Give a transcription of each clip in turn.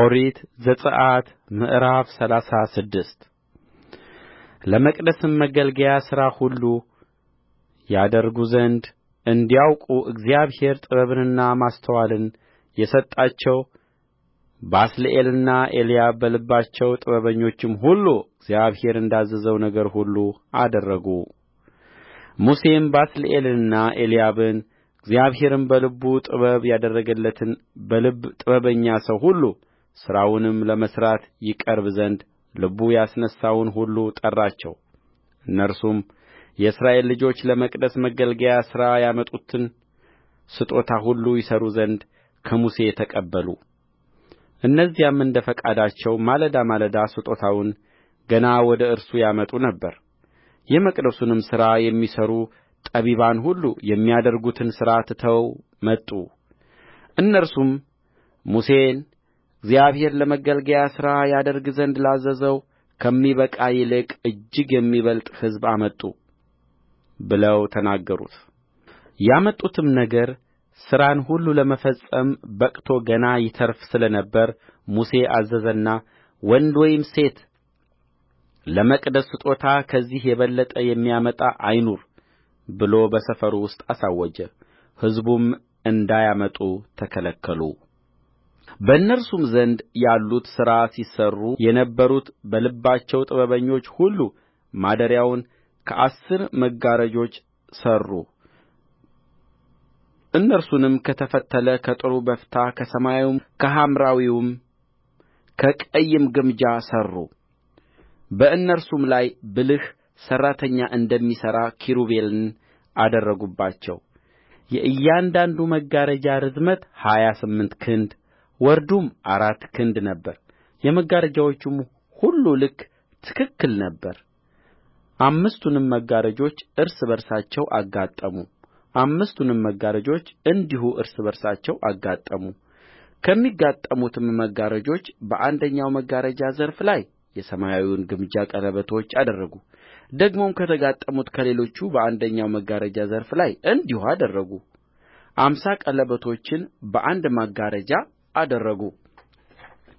ኦሪት ዘጽአት ምዕራፍ ሰላሳ ስድስት ለመቅደስም ማገልገያ ሥራ ሁሉ ያደርጉ ዘንድ እንዲያውቁ እግዚአብሔር ጥበብንና ማስተዋልን የሰጣቸው ባስልኤልና ኤልያብ በልባቸው ጥበበኞችም ሁሉ እግዚአብሔር እንዳዘዘው ነገር ሁሉ አደረጉ። ሙሴም ባስልኤልንና ኤልያብን እግዚአብሔርም በልቡ ጥበብ ያደረገለትን በልብ ጥበበኛ ሰው ሁሉ ሥራውንም ለመሥራት ይቀርብ ዘንድ ልቡ ያስነሣውን ሁሉ ጠራቸው እነርሱም የእስራኤል ልጆች ለመቅደስ ማገልገያ ሥራ ያመጡትን ስጦታ ሁሉ ይሠሩ ዘንድ ከሙሴ ተቀበሉ እነዚያም እንደ ፈቃዳቸው ማለዳ ማለዳ ስጦታውን ገና ወደ እርሱ ያመጡ ነበር የመቅደሱንም ሥራ የሚሠሩ ጠቢባን ሁሉ የሚያደርጉትን ሥራ ትተው መጡ እነርሱም ሙሴን እግዚአብሔር ለማገልገያ ሥራ ያደርግ ዘንድ ላዘዘው ከሚበቃ ይልቅ እጅግ የሚበልጥ ሕዝብ አመጡ ብለው ተናገሩት ያመጡትም ነገር ሥራን ሁሉ ለመፈጸም በቅቶ ገና ይተርፍ ስለ ነበር ሙሴ አዘዘና ወንድ ወይም ሴት ለመቅደስ ስጦታ ከዚህ የበለጠ የሚያመጣ አይኑር ብሎ በሰፈሩ ውስጥ አሳወጀ ሕዝቡም እንዳያመጡ ተከለከሉ በእነርሱም ዘንድ ያሉት ሥራ ሲሠሩ የነበሩት በልባቸው ጥበበኞች ሁሉ ማደሪያውን ከአሥር መጋረጆች ሠሩ እነርሱንም ከተፈተለ ከጥሩ በፍታ ከሰማያዊም ከሐምራዊም ከቀይም ግምጃ ሠሩ በእነርሱም ላይ ብልህ ሠራተኛ እንደሚሠራ ኪሩቤልን አደረጉባቸው የእያንዳንዱ መጋረጃ ርዝመት ሀያ ስምንት ክንድ ወርዱም አራት ክንድ ነበረ የመጋረጆቹም ሁሉ ልክ ትክክል ነበረ አምስቱንም መጋረጆች እርስ በርሳቸው አጋጠሙ አምስቱንም መጋረጆች እንዲሁ እርስ በርሳቸው አጋጠሙ ከሚጋጠሙትም መጋረጆች በአንደኛው መጋረጃ ዘርፍ ላይ የሰማያዊውን ግምጃ ቀለበቶች አደረጉ ደግሞም ከተጋጠሙት ከሌሎቹ በአንደኛው መጋረጃ ዘርፍ ላይ እንዲሁ አደረጉ አምሳ ቀለበቶችን በአንድ መጋረጃ አደረጉ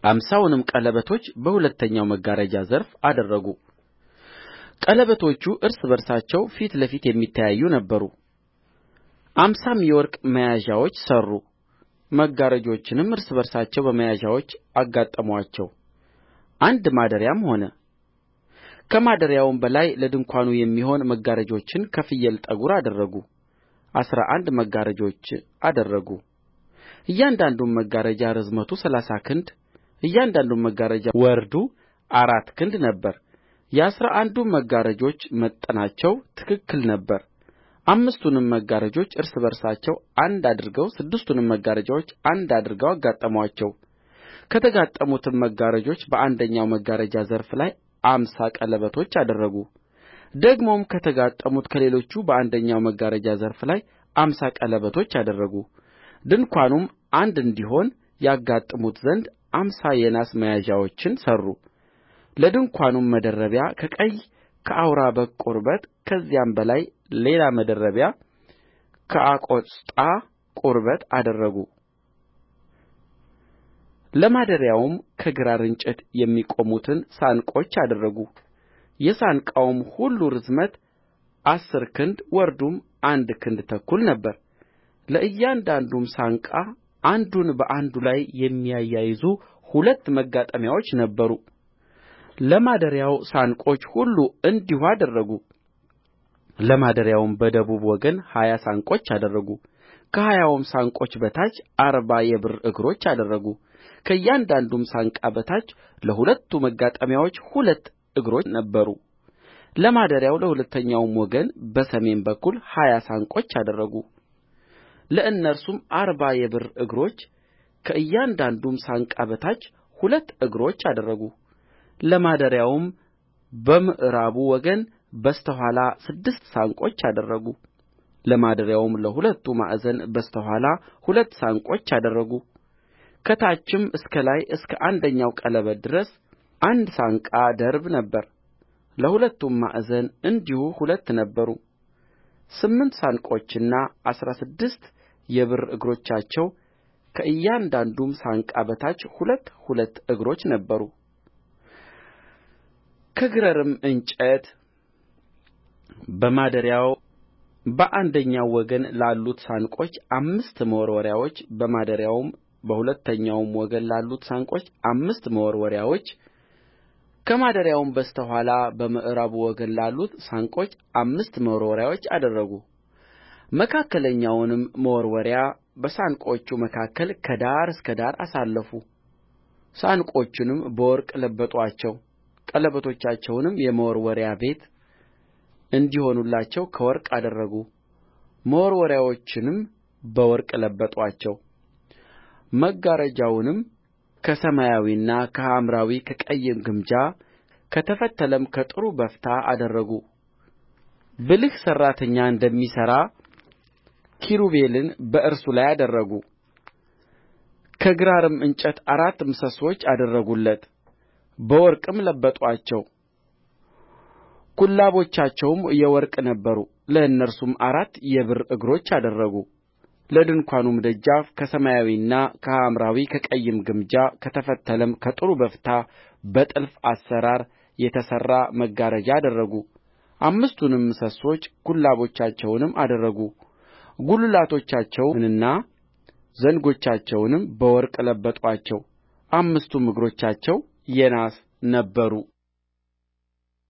አምሳውንም ቀለበቶች በሁለተኛው መጋረጃ ዘርፍ አደረጉ ቀለበቶቹ እርስ በርሳቸው ፊት ለፊት የሚተያዩ ነበሩ አምሳም የወርቅ መያዣዎች ሠሩ መጋረጆችንም እርስ በርሳቸው በመያዣዎች አጋጠሙአቸው አንድ ማደሪያም ሆነ ከማደሪያውም በላይ ለድንኳኑ የሚሆኑ መጋረጆችን ከፍየል ጠጕር አደረጉ አሥራ አንድ መጋረጆች አደረጉ እያንዳንዱም መጋረጃ ርዝመቱ ሠላሳ ክንድ እያንዳንዱም መጋረጃ ወርዱ አራት ክንድ ነበረ የአሥራ አንዱም መጋረጆች መጠናቸው ትክክል ነበረ አምስቱንም መጋረጆች እርስ በርሳቸው አንድ አድርገው ስድስቱንም መጋረጆች አንድ አድርገው አጋጠሙአቸው ከተጋጠሙትም መጋረጆች በአንደኛው መጋረጃ ዘርፍ ላይ አምሳ ቀለበቶች አደረጉ ደግሞም ከተጋጠሙት ከሌሎቹ በአንደኛው መጋረጃ ዘርፍ ላይ አምሳ ቀለበቶች አደረጉ ድንኳኑም አንድ እንዲሆን ያጋጥሙት ዘንድ አምሳ የናስ መያዣዎችን ሠሩ ለድንኳኑም መደረቢያ ከቀይ ከአውራ በግ ቁርበት ከዚያም በላይ ሌላ መደረቢያ ከአቆስጣ ቁርበት አደረጉ ለማደሪያውም ከግራር እንጨት የሚቆሙትን ሳንቆች አደረጉ የሳንቃውም ሁሉ ርዝመት አሥር ክንድ ወርዱም አንድ ክንድ ተኩል ነበረ ለእያንዳንዱም ሳንቃ አንዱን በአንዱ ላይ የሚያያይዙ ሁለት ማጋጠሚያዎች ነበሩ ለማደሪያው ሳንቆች ሁሉ እንዲሁ አደረጉ ለማደሪያውም በደቡብ ወገን ሀያ ሳንቆች አደረጉ ከሀያውም ሳንቆች በታች አርባ የብር እግሮች አደረጉ ከእያንዳንዱም ሳንቃ በታች ለሁለቱ ማጋጠሚያዎች ሁለት እግሮች ነበሩ ለማደሪያው ለሁለተኛውም ወገን በሰሜን በኩል ሀያ ሳንቆች አደረጉ ለእነርሱም አርባ የብር እግሮች ከእያንዳንዱም ሳንቃ በታች ሁለት እግሮች አደረጉ ለማደሪያውም በምዕራቡ ወገን በስተ ኋላ ስድስት ሳንቆች አደረጉ ለማደሪያውም ለሁለቱ ማዕዘን በስተ ኋላ ሁለት ሳንቆች አደረጉ ከታችም እስከ ላይ እስከ አንደኛው ቀለበት ድረስ አንድ ሳንቃ ድርብ ነበረ ለሁለቱም ማዕዘን እንዲሁ ሁለት ነበሩ ስምንት ሳንቆችና አሥራ ስድስት የብር እግሮቻቸው ከእያንዳንዱም ሳንቃ በታች ሁለት ሁለት እግሮች ነበሩ ከግራርም እንጨት በማደሪያው በአንደኛው ወገን ላሉት ሳንቆች አምስት መወርወሪያዎች በማደሪያውም በሁለተኛው ወገን ላሉት ሳንቆች አምስት መወርወሪያዎች ከማደሪያውም በስተ ኋላ በምዕራቡ ወገን ላሉት ሳንቆች አምስት መወርወሪያዎች አደረጉ መካከለኛውንም መወርወሪያ በሳንቆቹ መካከል ከዳር እስከ ዳር አሳለፉ ሳንቆቹንም በወርቅ ለበጡአቸው ቀለበቶቻቸውንም የመወርወሪያ ቤት እንዲሆኑላቸው ከወርቅ አደረጉ መወርወሪያዎቹንም በወርቅ ለበጡአቸው መጋረጃውንም ከሰማያዊና ከሐምራዊ ከቀይም ግምጃ ከተፈተለም ከጥሩ በፍታ አደረጉ ብልህ ሠራተኛ እንደሚሠራ ኪሩቤልን በእርሱ ላይ አደረጉ ከግራርም እንጨት አራት ምሰሶች አደረጉለት በወርቅም ለበጡአቸው ኩላቦቻቸውም የወርቅ ነበሩ ለእነርሱም አራት የብር እግሮች አደረጉ ለድንኳኑም ደጃፍ ከሰማያዊና ከሐምራዊ ከቀይም ግምጃ ከተፈተለም ከጥሩ በፍታ በጥልፍ አሠራር የተሠራ መጋረጃ አደረጉ አምስቱንም ምሰሶች ኩላቦቻቸውንም አደረጉ ጕልላቶቻቸውንና ዘንጎቻቸውንም በወርቅ ለበጡአቸው አምስቱም እግሮቻቸው የናስ ነበሩ